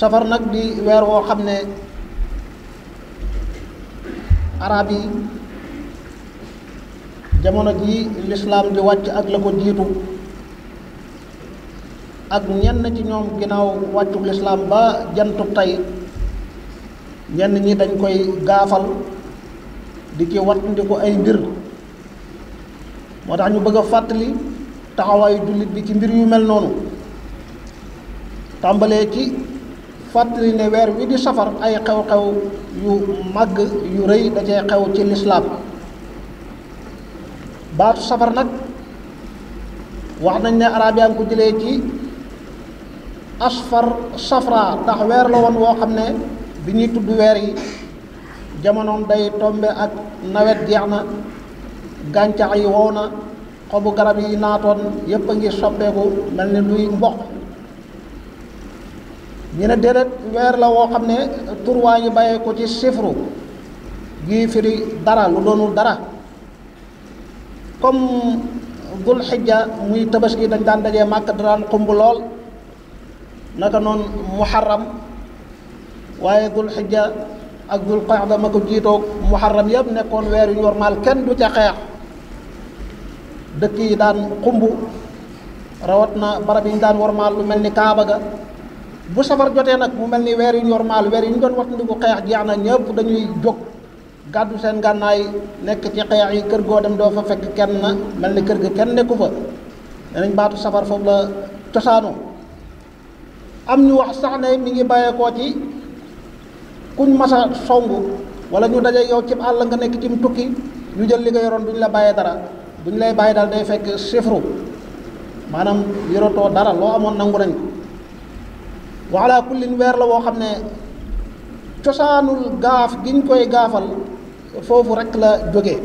safar nag di weer woo xam ne arab yi jamono ji lislaam di wàcc ak la ko jiitu ak ñenn ci ñoom ginnaaw wàccuk lislaam ba jantu tey ñenn ñi dañ koy gaafal di ci wattandiku ay mbir moo tax ñu bëgg a fàttali taxawaayu jullit bi ci mbir yu mel noonu tàmbalee ci fàttali ne weer wi di safar ay xew-xew yu màgg yu rëy da cee xew ci lislaam baatu safar nag wax nañ ne arab yaa ngi ko jëlee ci asfar safra ndax weer la woon woo xam ne bi ñuy tudd weer yi jamonoom day tombe ak nawet jeex na gàncax yi wow na xobu garab yi naatoon yépp a ngi soppeeku mel ni luy mboq ñu ne weer la woo xam ne turwaa ñu bàyyee ko ci sifru gi firi dara lu doonul dara comme dul xijja muy tabaski dañ daan dajee màkk daan xumb lool naka noonu muharram waaye dul xijja ak dul qaada ma ko jiitoog muharram yëpp nekkoon weer yu normal kenn du ca xeex dëkk yi daan xumb rawat na barab yi daan wormaal lu mel ni Kaaba ga bu safar jotee nag mu mel ni weer yu yor maal weer yu ñu doon wattandiku xeex jeex na ñëpp dañuy jóg gàddu seen gànnaay nekk ci xeex yi kër goo dem doo fa fekk kenn na mel ni kër ga kenn nekku fa danañ baatu safar foofu la cosaanu am ñu wax sax ne mi ngi koo ci kuñ masa songu wala ñu daje yow cib àll nga nekk cim tukki ñu jël li nga yoroon duñ la bàyyee dara buñ lay bàyyi daal day fekk sifru maanaam yorotoo dara loo amoon nangu nañ ko wa ala kullin weer la woo xam ne cosaanul gaaf giñ koy gaafal foofu rek la jógee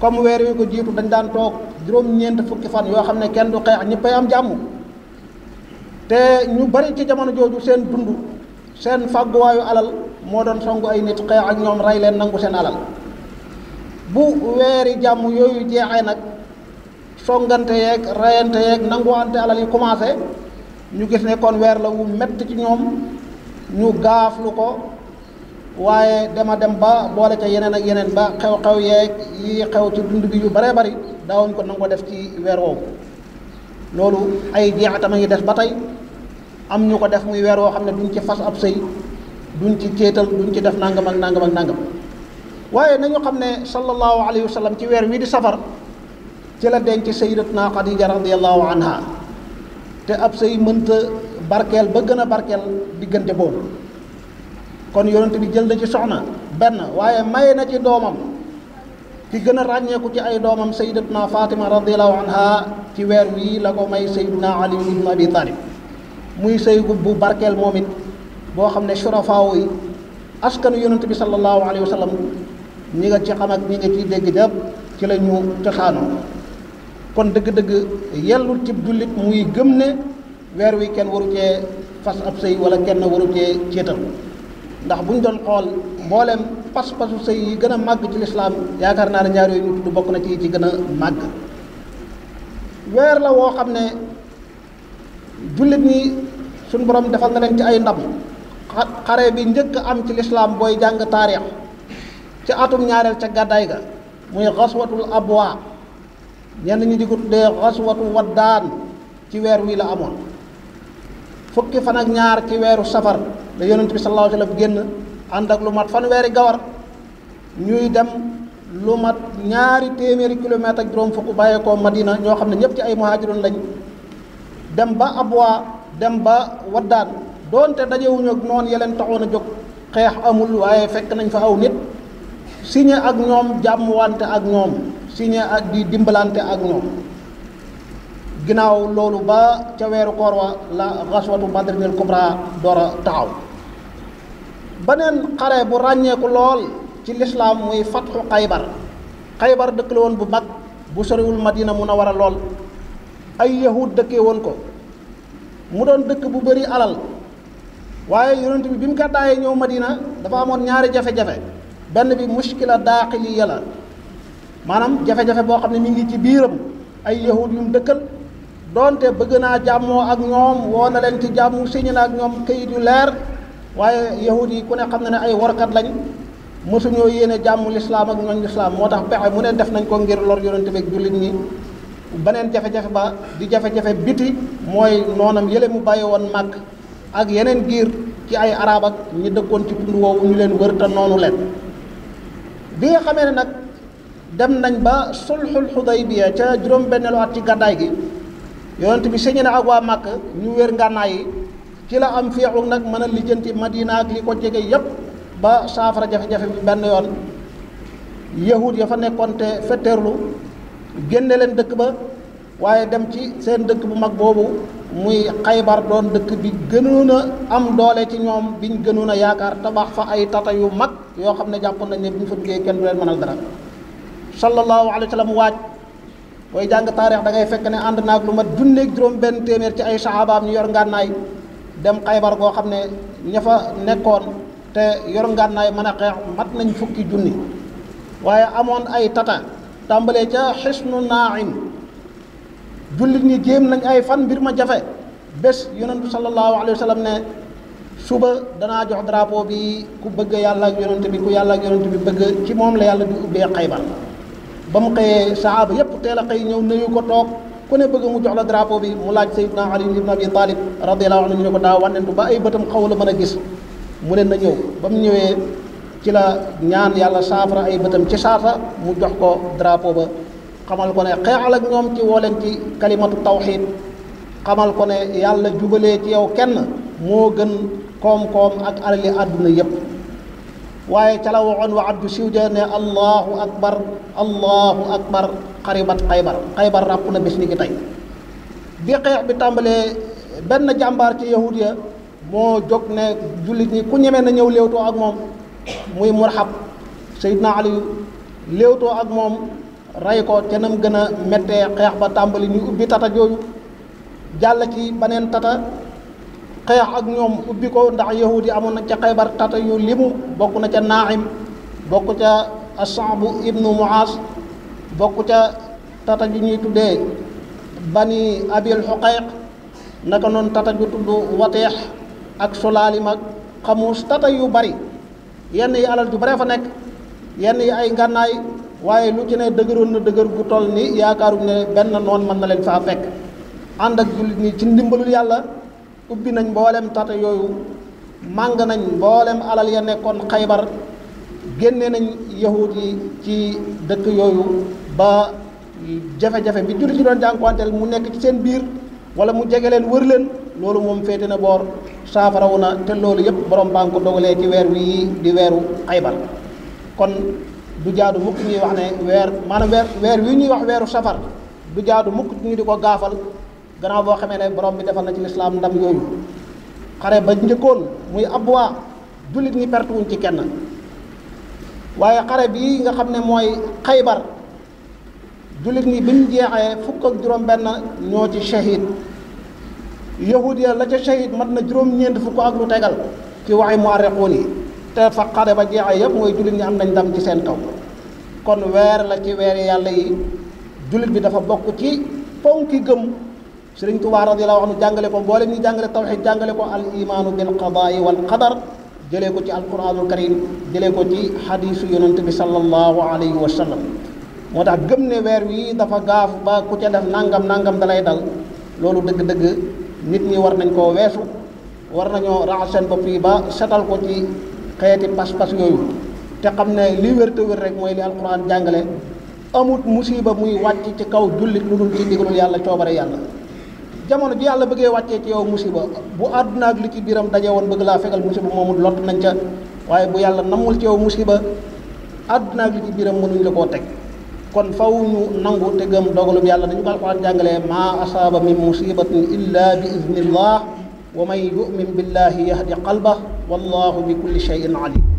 comme weer yu ko jiitu dañ daan toog juróom-ñeent fukki fan yoo xam ne kenn du xeex ñëppay am jàmm te ñu bari ci jamono jooju seen dund seen fàgguwaayu alal moo doon songu ay nit xeex ak ñoom rey leen nangu seen alal bu weeri jàmm yooyu jeexee nag songante yeeg reyante yeeg nanguwante alal yi commencé ñu gis ne kon weer la wu mett ci ñoom ñu gaaflu ko waaye dama dem ba boole ca yeneen ak yeneen ba xew-xew yee yi xew ci dund bi yu baree bari daawuñ ko nangoo def ci weer loolu ay jeexatama ngi des ba tey am ñu ko def muy weer woo xam ne duñ ci fas ab sëy duñ ci céetal duñ ci def nangam ak nangam ak nangam waaye nañu xam ne sallallahu alayhi wa sallam ci weer wi di safar ci la denc sayyidatuna Xadija radiyallahu anha te ab sëy mënt barkeel ba gën a barkeel diggante boobu kon yonent bi jël na ci soxna benn waaye may na ci doomam ki gën a ràññeeku ci ay doomam na Fatima radiyallahu anha ci weer wii la ko may sayyiduna Ali ibn Abi Talib muy sëy bu barkeel moom boo xam ne surafaaw yi askanu yonent bi sallallahu alayhi wa sallam ñi nga ci xam ak ñi nga dégg jàpp ci la ñu cosaanoo kon dëgg-dëgg yellu cib jullit muy gëm ne weer wi kenn waru cee fas ab sëy wala kenn waru cee céetal ndax bu ñu doon xool mbooleem pas-pasu sëy yi gën a màgg ci lislaam yaakaar naa ne ñaar yooyu ñu tudd bokk na ci ci gën a màgg weer la woo xam ne jullit ñi suñu borom defal na leen ci ay ndam xare bi njëkk am ci lislaam booy jàng taarix ci atum ñaareel ca gàddaay ga muy xaswatul abwa ñenn ñu di ko tuddee xaswatu waddaan ci weer wii la amoon fukki fan ak ñaar ci weeru safar la yonent bi sallallahu alayhi wasallam génn fan weeri gawar ñuy dem lu mat ñaari téeméeri kilomètre ak juróom fukk bàyyeekoo Madina ñoo xam ne ñëpp ci ay muhaajiroon lañ dem ba Abwa dem ba waddaan doonte dajewuñu ak noonu yeleen taxoon a jóg xeex amul waaye fekk nañ fa aw nit signé ak ñoom jàmm wante ak ñoom signé ak di dimbalante ak ñoom ginnaaw loolu ba ca weeru koor wa la xaswatu badrinil kubra door a taxaw beneen xare bu ràññeeku lool ci lislaam muy fatxu xaybar xaybar dëkk woon bu mag bu soriwul madina mu a war a lool ay yahud dëkkee woon ko mu doon dëkk bu bëri alal waaye yonent bi bi gàddaayee ñëw madina dafa amoon ñaari jafe-jafe benn bi muskila daaqiliya la maanaam jafe-jafe boo xam ne mi ngi ci biiram ay yahud yum dëkkal doonte bëgg naa jàmmoo ak ñoom woo na leen ci jàmmu signé na ak ñoom kayit yu leer waaye yahud yi ku ne xam ne ne ay warkat lañ mosuñoo yéene jàmmu lislaam ak ñooñ lislaam moo tax pexe mu ne def nañ ko ngir lor yonente beeg jullit ñi beneen jafe-jafe ba di jafe-jafe biti mooy noonam yële mu bàyyi woon màkk ak yeneen giir ci ay arab ak ñi dëkkoon ci tund woowu ñu leen wër te noonu leen nga xamee ne dem nañ ba sulxul xudaybiya ca juróom-benneelu at ci gàddaay gi yonent bi sëñe na ak waa màkk ñu wér ngànnaay yi ci la am féexu nag mën a lijjanti madina ak li ko jege yépp ba saafara jafe-jafe bi benn yoon yahud ya fa nekkoon te fetteerlu génne leen dëkk ba waaye dem ci seen dëkk bu mag boobu muy xaybar doon dëkk bi gënoon a am doole ci ñoom biñ gënoon na yaakaar tabax fa ay tata yu mag yoo xam ne jàpp nañ ne bu ñu fa duggee kenn du leen mënal dara sallallahu alayhi wa sallam waaj booy jàng taarix da ngay fekk ne ànd naag lu mat junneeg juróom benn téeméer ci ay saxaabaam ñu yor ngànnaay dem xaybar goo xam ne ña fa nekkoon te yor ngànnaay mën a xeex mat nañ fukki junni waaye amoon ay tata tàmbalee ca xisnu naaim jullit ñi jéem nañ ay fan mbir ma jafe bés yonentu sallallahu alayhi wa sallam ne suba danaa jox drapeau bi ku bëgg yàlla ak yonent bi ku yàlla ak yonent bi bëgg ci moom la yàlla di ubbee ba mu xëyee sahaaba yépp teel a xëy ñëw nuyu ko toog ku ne bëgg mu jox la drapeau bi mu laaj sayidna ali ibn abi talib radiallahu anhu ñu ne ko daa wànnentu ba ay bëtam xaw la mën a gis mu ne na ñëw ba mu ñëwee ci la ñaan yàlla saafara ay bëtam ci saasa mu jox ko drapeau ba xamal ko ne xeexal ak ñoom ci woo leen ci kalimatu tawxid xamal ko ne yàlla jubalee ci yow kenn moo gën koom-koom ak alali àdduna yépp waaye ca la waxoon wa abdu siiw ja ne allahu akbar allahu akbar xaribat xaybar xaybar ràpp na bés ni ki tey bi xeex bi tàmbalee benn jàmbaar ci yahud ya moo jóg ne jullit ñi ku ñeme na ñëw léewtoo ak moom muy murxab sayidna aliyu léewtoo ak moom rey ko ca nam gën a mettee xeex ba tàmbali ñu ubbi tata jooju jàll ci beneen tata xeex ak ñoom ubbi ko ndax yahudi amoon na ca xeebar tata yu limu bokk na ca naaxim bokk ca asabu ibnu muas bokk ca tata ju ñuy tuddee bani abil xuqayq naka noonu tata ju tudd wateex ak solaalim ak xamuus tata yu bari yenn yi alal ju bare fa nekk yenn yi ay ngànnaay waaye lu ci ne dëgëroon na dëgër gu tol ni yaakaaru ne benn noon mën na leen faa fekk ànd ak jullit ñi ci ndimbalul yàlla ubbi nañ mboolem tata yooyu màng nañ mboolem alal ya nekkoon xaybar génne nañ yahud yi ci dëkk yooyu ba jafe-jafe bi jullit yi doon jànkuwanteel mu nekk ci seen biir wala mu jege leen wër leen loolu moom féete na boor saafarawu na te loolu yëpp borom baa ngi ko ci weer wii di weeru xaybar kon du jaadu mukk ñuy wax ne weer maanaam weer weer wi ñuy wax weeru safar du jaadu mukk ñu di ko gaafal gannaaw boo xamee ne borom bi defal na ci lislaam ndam yooyu xare ba njëkkoon muy abwa jullit ñi perte wuñ ci kenn waaye xare bii nga xam ne mooy xaybar jullit ñi bi ñu jeexee fukk ak juróom-benn ñoo ci shahid yahud ya la ca shahid mat na juróom-ñeent fukk ak lu tegal ci wax waxi muarriquun yi te fa xare ba jeexee yëpp mooy jullit ñi am nañ ndam ci seen kaw kon weer la ci weeri yàlla yi jullit bi dafa bokk ci ponki gëm. sëriñ Tuubaa radiyallaahu anhu jàngale ko mboolem ñu jàngale tawxiid jàngale ko al imaanu bil qadaa'i wal qadar jëlee ko ci alquraanul karim jëlee ko ci xadiisu yonent bi sallallahu alayhi wa moo tax gëm ne weer wi dafa gaaf ba ku ca def nangam nangam dalay dal loolu dëgg-dëgg nit ñi war nañ koo weesu war nañoo raxas seen bopp yi ba setal ko ci xeeti pas-pas yooyu te xam ne li wér te wér rek mooy li alquraan jàngale amut musiba muy wàcc ci kaw jullit lu dul ci ndigalul yàlla coobare yàlla jamono ju yàlla bëggee wàccee ci yow musiba bu àdduna ak li ci biiram daje woon bëgg laa fegal musiba moomu lott nañ ca waaye bu yàlla namul ci yow musiba àdduna ak li ci biiram mënuñ la koo teg kon faw ñu nangu te gëm dogalub yàlla dañu ko alxuraan jàngalee maa asaaba min musibatin illa bi idnillah wa man yumin billahi yahdi qalbah wallahu bi kulli shay'in alim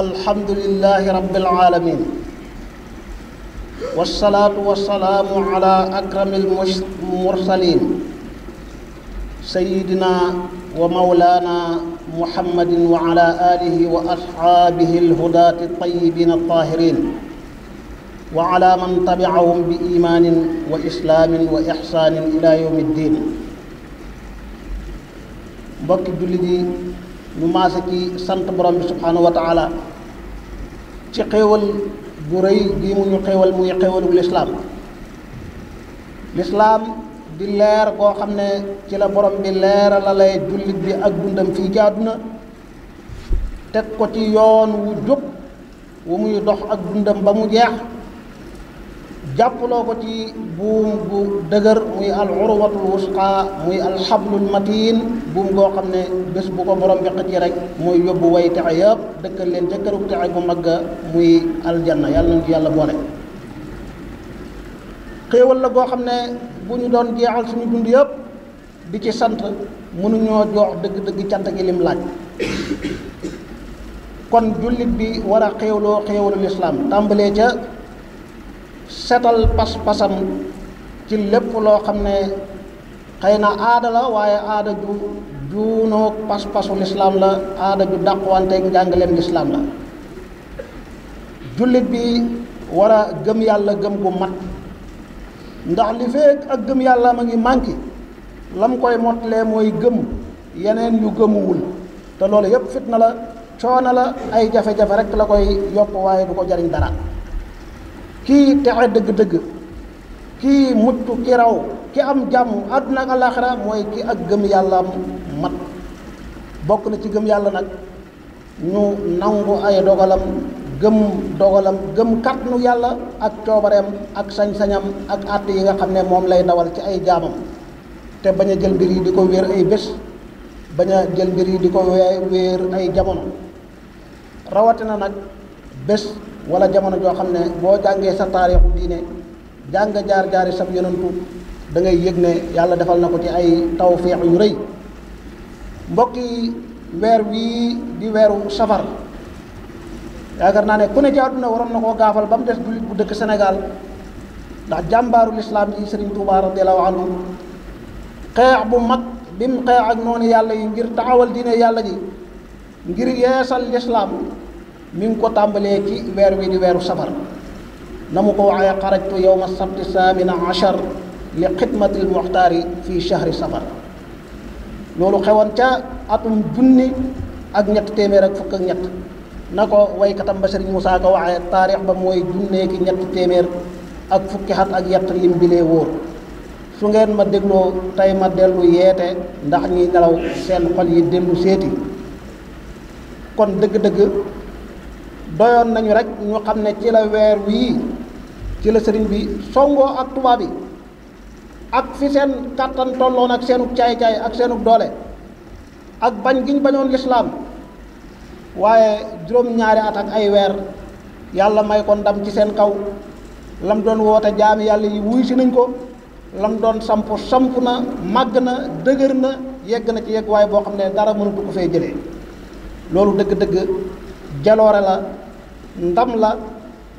alhamdulillahi rabbil alamin wasalaatu wasalaamu ala akramil mursalin sayidina wa mawlaana muhammadin wa ala alihi wa ashaabihi alhudaati tayibiina altaahiriin wa ala man tabiahum bi imaanin wa islaamin wa ixsaanin ila yawmi ddiin mbokki jullit yi ñu maase ci sant borom bi subhaanahu wa taala ci xéewal bu rëy gi mu ñu xéewal muy xéewalu lislaam lislaam di leer koo xam ne ci la borom bi leera la lay jullit bi ak dundam fii jaaduna teg ko ci yoon wu jub wu muy dox ak dundam ba mu jeex jàppaloo ko ci buum bu dëgër muy al urwatul wusqa muy al xablul matiin buum goo xam ne bés bu ko borom bi xëcc rek mooy yóbbu way texe yëpp dëkkal leen ca këru texe bu mag muy aljanna yàlla nañ ci yàlla boole xéewal la goo xam ne bu ñu doon jeexal suñu dund yëpp di ci sant mënuñoo jox dëgg-dëgg cant gi lim laaj kon jullit bi war a xéewloo tàmbalee ca setal pas-pasam ci lépp loo xam ne xëy na aada la waaye aada ju juunoog pas-pasu lislaam la aada ju dàquwanteeg njàngaleem lislaam la jullit bi war gëm yàlla gëm gu mat ndax li feek ak gëm yàlla ma ngi manqué lam koy mottalee mooy gëm yeneen yu gëmuwul te loolu yépp fitna la coono la ay jafe-jafe rek la koy yokk waaye bu ko jariñ dara kii texe dëgg-dëgg kii mucc ki raw ki am jàmm àdduna ak alaaxira mooy kii ak gëm yàlla mat bokk na ci gëm yàlla nag ñu nangu ay dogalam gëm dogalam gëm kàttanu yàlla ak coobareem ak sañ-sañam ak àtt yi nga xam ne moom lay dawal ci ay jaamam te bañ a jël mbir yi di ko wéer ay bés bañ a jël mbir yi di ko wéer ay jamono rawatina nag bés wala jamono joo xam ne boo jàngee sa taarixu diine jàng jaar-jaari sab yonantu da ngay yëg ne yàlla defal na ko ci ay tawfiix yu rëy mbokk yi weer wii di weeru safar yaakaar naa ne ku ne ci àdduna waroon na koo gaafal ba mu des jullit bu dëkk senegal ndax jàmbaaru lislaam yi Sëriñ Tuubaa radiyallaahu anhu xeex bu mag bi mu xeex ak noonu yàlla yi ngir taxawal diine yàlla ji ngir yeesal lislaam mi ngi ko tàmbalee ci weer wi di weeru safar na mu ko waxee xarajtu yowma sabti saamina achar li xidmatil muxtaari fii chahri safar loolu xewoon ca atum junni ak ñett téeméer ak ko waykatam ba sëriñ Moussa ko waxee ba mooy junnee ki ñetti téeméer ak fukki xat ak yett lim bilee wóor su ngeen ma dégloo tey ma dellu yeete ndax ñi nelaw seen xol yi dellu seeti kon dëgg-dëgg doyoon nañu rek ñu xam ne ci la weer wii ci la sëriñ bi songoo ak tubaab ak fi seen kàttan tolloon ak seenug caay-caay ak seenug doole ak bañ giñ bañoon lislaam waaye juróom-ñaari at ak ay weer yàlla may ko ndam ci seen kaw lam doon woote jaami yàlla yi wuy si nañ ko lam doon samp samp na màgg na dëgër na yegg na ci yegg waaye boo xam ne dara mënatu ko fee jëlee loolu dëgg-dëgg jaloore la ndam la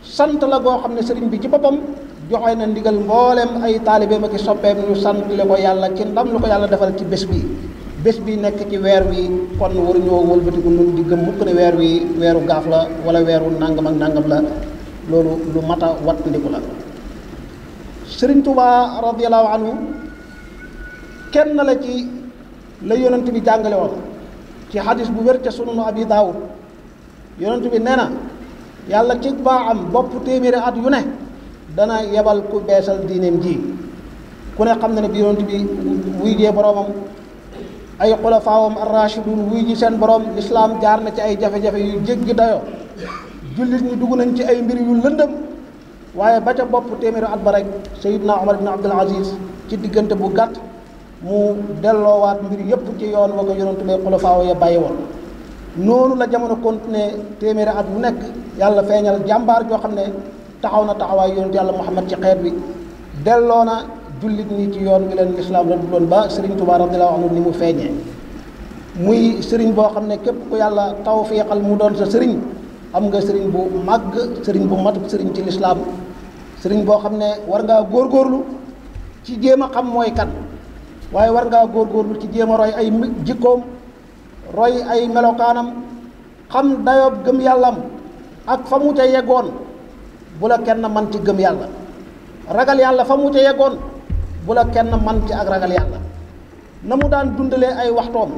sant la goo xam ne sëriñ bi ci boppam joxe na ndigal mbooleem ay taalibeem ak soppeem ñu sant le ko yàlla ci ndam lu ko yàlla defal ci bés bi bés bi nekk ci weer wi kon waruñoo wëlbatiku nun di gëm mukk ne weer wi weeru gaaf la wala weeru nàngam ak nàngam la loolu lu mat a wattandiku la sëriñ Tuuba radiyallahu anhu kenn la ci la yonent bi jàngale ci xadis bu wér ca sunanu abi yonent bi nee na yàlla ci am bopp téeméeri at yu ne dana yebal ku beesal diineem ji ku ne xam na ne bi yonent bi wuy jee boroomam ay xulafaawam arrachidun wuy ji seen borom lislaam jaar na ci ay jafe-jafe yu jéggi dayoo jullit ñi dugg nañ ci ay mbir yu lëndëm waaye ba ca bopp téeméeri at ba rek sayidna omar ibn abdul aziz ci diggante bu gàtt mu delloowaat mbir yépp ci yoon wa ko yonent bi xulafaaw ya bàyyi woon noonu la jamono continué téeméeri at bu nekk yàlla feeñal jàmbaar joo xam ne taxaw na taxawaay yonent yàlla muhammad ci xeet bi delloo na jullit nii ci yoon wi leen lislaam la dugaloon ba sëriñ Tuubaa wax anhu ni mu feeñee muy sëriñ boo xam ne képp ku yàlla taw tawfiixal mu doon sa sëriñ am nga sëriñ bu màgg sëriñ bu mat sëriñ ci lislaam sëriñ boo xam ne war ngaa góor góorlu ci jéem a xam mooy kan waaye war ngaa góor góorgóorlu ci jéem a roy ay jikkoom roy ay melokaanam xam dayoob gëm yàllam ak fa mu ca yeggoon bu la kenn man ci gëm yàlla ragal yàlla fa mu ca yeggoon bu la kenn ci ak ragal yàlla na mu daan dundalee ay waxtoom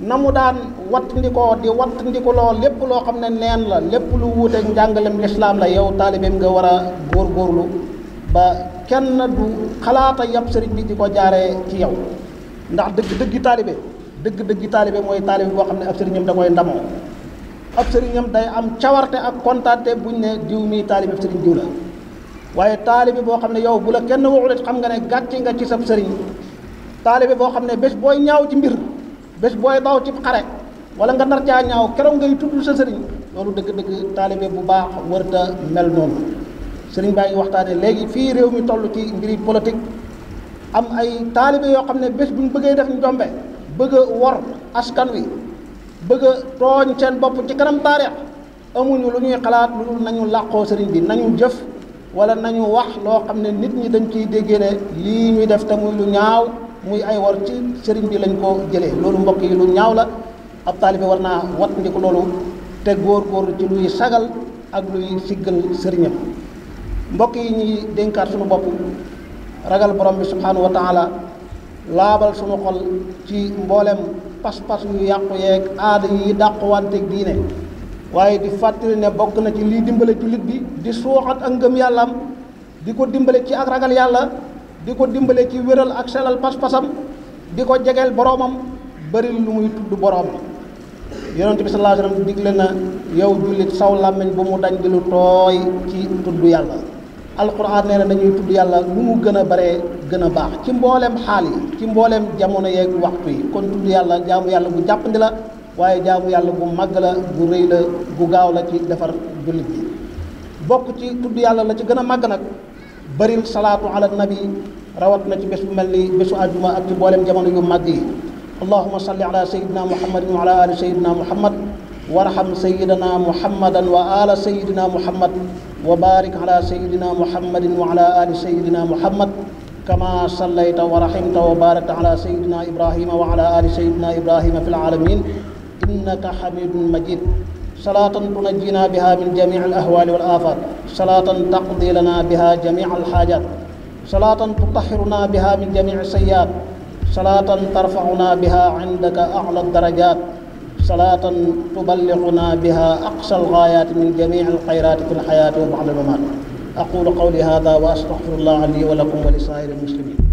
na mu daan wattandikoo di wattandikuloo lépp loo xam ne neen la lépp lu wuute njàngalem lislaam la yow taalibeem nga war a góorgóorlu ba kenn du xalaata yab sëriñ bi di ko jaare ci yow ndax dëgg dëggi taalibe dëgg-dëgg taalibe mooy taalibe boo xam ne ab sëriñam da koy ndamoo ab sëriñam day am cawarte ak bu ñu ne diw mii taalibe sëriñ diw la waaye taalibe boo xam ne yow bu la kenn waxulit xam nga ne gàcce nga ci sab sëriñ taalibe boo xam ne bés booy ñaaw ci mbir bés booy daw ci xare wala nga nar caa ñaaw keroog ngay tudd sa sëriñ loolu dëgg-dëgg taalibe bu baax warta mel noonu sëriñ baa ngi waxtaane léegi fii réew mi toll ci mbiri politique am ay taalibe yoo xam ne bés bu ñu bëggee def njombe bëgg a wor askan wi bëgg tooñ seen bopp ci kanam taarix amuñu lu ñuy xalaat lu nañu làqoo sëriñ bi nañu jëf wala nañu wax loo xam ne nit ñi dañ ciy déggee ne lii ñuy def te muy lu ñaaw muy ay wor ci sëriñ bi lañ ko jëlee loolu mbokk yi lu ñaaw la ab taalibe war naa wat ndiku loolu te góor-góor ci luy sagal ak luy siggal sëriñam mbokk yi ñuy dénkaat suñu bopp ragal borom bi subhanahu wa taala laabal sunu xol ci mboolem pas-pas yu yàqu yeeg aada yi dàquwanteeg diine waaye di fàttali ne bokk na ci liy dimbale ci jullit bi di suuxat ak ngëm yàllaam di ko dimbale ci ak ragal yàlla di ko dimbale ci wéral ak selal pas-pasam di ko jegeel boroomam bëri lu muy tudd boroom yonent bi yow jullit saw làmmiñ bu mu dañ di lu tooy ci tudd yàlla alquran nee na ñuy tudd yàlla lu mu gën a baree gën a baax ci mbooleem xaal yi ci mbooleem jamono yeeg waxtu yi kon tudd yàlla jaamu yàlla bu jàppandi la waaye jaamu yàlla bu màgg la bu rëy la bu gaaw la ci defar jullit bi bokk ci tudd yàlla la ci gën a màgg nag baril salaatu ala nabi rawat na ci bés bu mel ni bésu àjjuma ak ci mbooleem jamono yu màgg yi allahuma salli ala sayidina muhammadin wa ala ali sayidina muhammad warham sayidina muhammadan wa ala sayidina muhammad wa barik ala sayidina muhammadin wa ala ali sayidina muhammad kama sallayta wa rahimta wa barakta ala sayidina ibrahima wa ala ali sayidina ibrahima fi lalamin innaka hamidun majid salaatan tunajjina biha min jamici alahwali wal afat salaatan taqdi lana biha jamic alxaajat salaatan tutahiruna biha min jamici sayyiat salaatan tarfacuna biha indaka acla darajat salaatan tuballighuna biha aqsa alghayati min jamii alxayrati fi lxayaati wa ba'da almamaat aqulu qawli hada wa astaghfirullah li wa lakum wa li saa'iri almuslimin